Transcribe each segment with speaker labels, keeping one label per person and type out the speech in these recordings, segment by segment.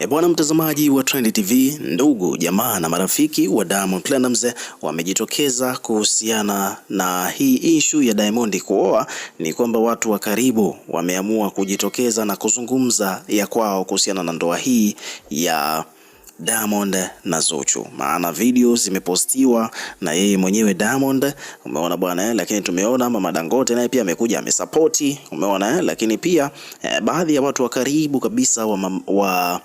Speaker 1: E bwana mtazamaji wa Trend TV, ndugu jamaa na marafiki wa Diamond Platnumz wamejitokeza kuhusiana na hii issue ya Diamond kuoa. Ni kwamba watu wa karibu wameamua kujitokeza na kuzungumza ya kwao kuhusiana na ndoa hii ya Diamond na Zuchu, maana video zimepostiwa na yeye mwenyewe Diamond, umeona bwana, eh. lakini tumeona mama Dangote naye pia amekuja amesapoti, umeona, eh. lakini pia eh, baadhi ya watu wa karibu kabisa wa, wa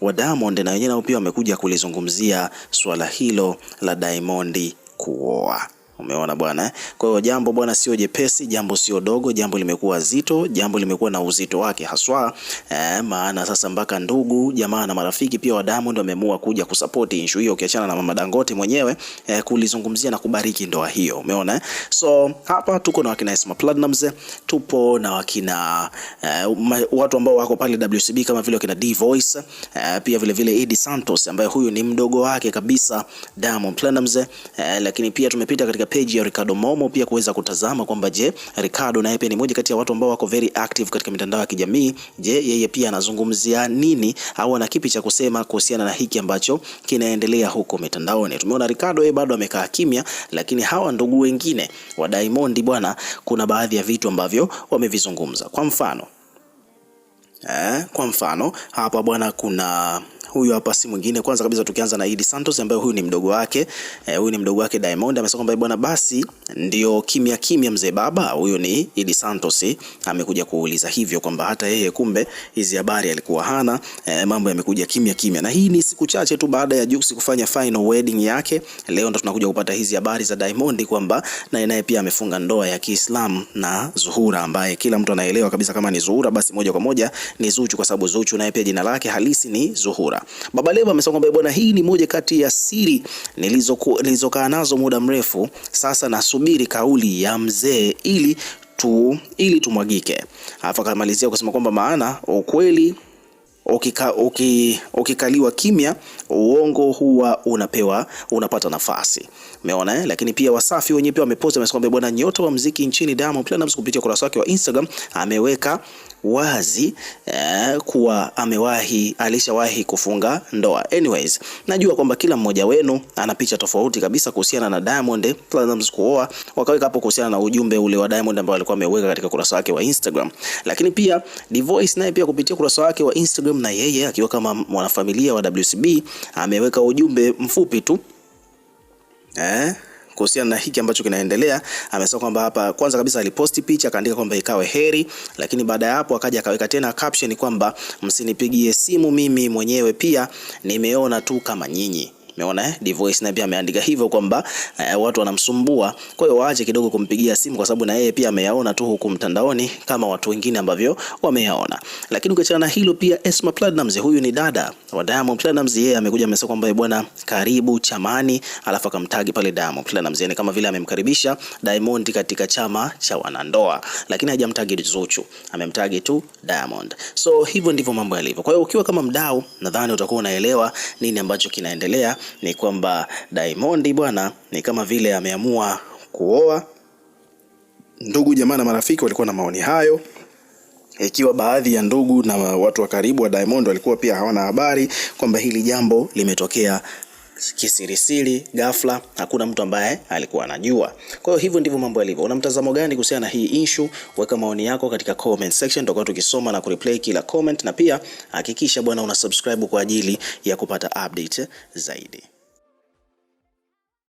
Speaker 1: wa Diamond na wenyewe nao pia wamekuja kulizungumzia swala hilo la Diamond kuoa. Umeona bwana. Eh? Kwa hiyo jambo bwana sio jepesi, jambo sio dogo, jambo limekuwa zito, jambo limekuwa na uzito wake haswa eh, maana sasa mpaka ndugu jamaa na marafiki pia wa Diamond wameamua kuja kusupport issue hiyo, ukiachana na mama Dangote mwenyewe eh, kulizungumzia na kubariki ndoa hiyo. Umeona, eh? so hapa tuko na wakina Isma Platinumz, tupo na wakina eh, watu ambao wako pale WCB kama vile wakina D Voice eh, pia vile vile Edi Santos ambaye huyu ni mdogo wake kabisa Diamond Platinumz eh, lakini pia tumepita katika katika page ya Ricardo Momo pia kuweza kutazama kwamba je, Ricardo naye pia ni moja kati ya watu ambao wako very active katika mitandao ya kijamii. Je, yeye pia anazungumzia nini au ana kipi cha kusema kuhusiana na hiki ambacho kinaendelea huko mitandaoni? Tumeona Ricardo yeye bado amekaa kimya, lakini hawa ndugu wengine wa Diamond bwana, kuna baadhi ya vitu ambavyo wamevizungumza. Kwa mfano eh, kwa mfano hapa bwana kuna huyu hapa si mwingine. Kwanza kabisa tukianza na Idi Santos ambaye huyu ni mdogo wake eh, huyu ni mdogo wake Diamond amesema kwamba eh, bwana, basi ndio kimya kimya mzee baba. Huyo ni Idi Santos amekuja kuuliza hivyo kwamba hata yeye kumbe hizi habari alikuwa hana eh, mambo yamekuja kimya kimya, na hii ni siku chache tu baada ya Jux kufanya final wedding yake. Leo ndo tunakuja kupata hizi habari za Diamond kwamba naye naye pia amefunga ndoa ya Kiislamu na Zuhura ambaye kila mtu anaelewa kabisa kama ni Zuhura basi moja kwa moja ni Zuchu, kwa sababu Zuchu naye pia jina lake halisi ni Zuhura. Baba Levo amesema kwamba bwana, hii ni moja kati ya siri nilizokaa nazo muda mrefu sasa, nasubiri kauli ya mzee ili tu, ili tumwagike. Alafu akamalizia kusema kwamba maana ukweli ukika, ukikaliwa kimya, uongo huwa unapewa unapata nafasi. Umeona eh? Lakini pia Wasafi wenyewe pia wamepost, wamesema kwamba bwana, nyota wa mziki nchini Diamond Platnumz kupitia ukurasa wake wa Instagram ameweka wazi eh, kuwa amewahi alishawahi kufunga ndoa. Anyways, najua kwamba kila mmoja wenu ana picha tofauti kabisa kuhusiana na Diamond Platnumz kuoa, wakaweka hapo kuhusiana na ujumbe ule wa Diamond ambao alikuwa ameweka katika kurasa wake wa Instagram. Lakini pia Voice naye pia kupitia kurasa wake wa Instagram, na yeye akiwa kama mwanafamilia wa WCB ameweka ujumbe mfupi tu eh? kuhusiana na hiki ambacho kinaendelea. Amesema kwamba hapa kwanza kabisa aliposti picha akaandika kwamba ikawe heri, lakini baada ya hapo akaja akaweka tena caption kwamba msinipigie simu, mimi mwenyewe pia nimeona tu kama nyinyi. Umeona eh? Voice na pia ameandika hivyo kwamba eh, watu wanamsumbua, kwa hiyo waache kidogo kumpigia simu, kwa sababu na yeye pia ameyaona tu huku mtandaoni kama watu wengine ambavyo wameyaona. Lakini ukiachana na hilo, pia Esma Platnumz, huyu ni dada wa Diamond Platnumz, yeye amekuja amesema kwamba eh, bwana, karibu chamani, alafu akamtagi pale Diamond Platnumz, yani kama vile amemkaribisha Diamond katika chama cha wanandoa, lakini hajamtagi Zuchu, amemtagi tu Diamond. So hivyo ndivyo mambo yalivyo. Kwa hiyo ukiwa kama mdau, nadhani utakuwa unaelewa nini ambacho kinaendelea ni kwamba Diamond bwana ni kama vile ameamua kuoa. Ndugu jamaa na marafiki walikuwa na maoni hayo, ikiwa baadhi ya ndugu na watu wa karibu wa Diamond walikuwa pia hawana habari kwamba hili jambo limetokea kisirisiri, ghafla, hakuna mtu ambaye alikuwa anajua. Kwa hiyo hivyo ndivyo mambo yalivyo. Una mtazamo gani kuhusiana na hii issue? Weka maoni yako katika comment section, tutakuwa tukisoma na kureplay kila comment, na pia hakikisha bwana una subscribe kwa ajili ya kupata update zaidi.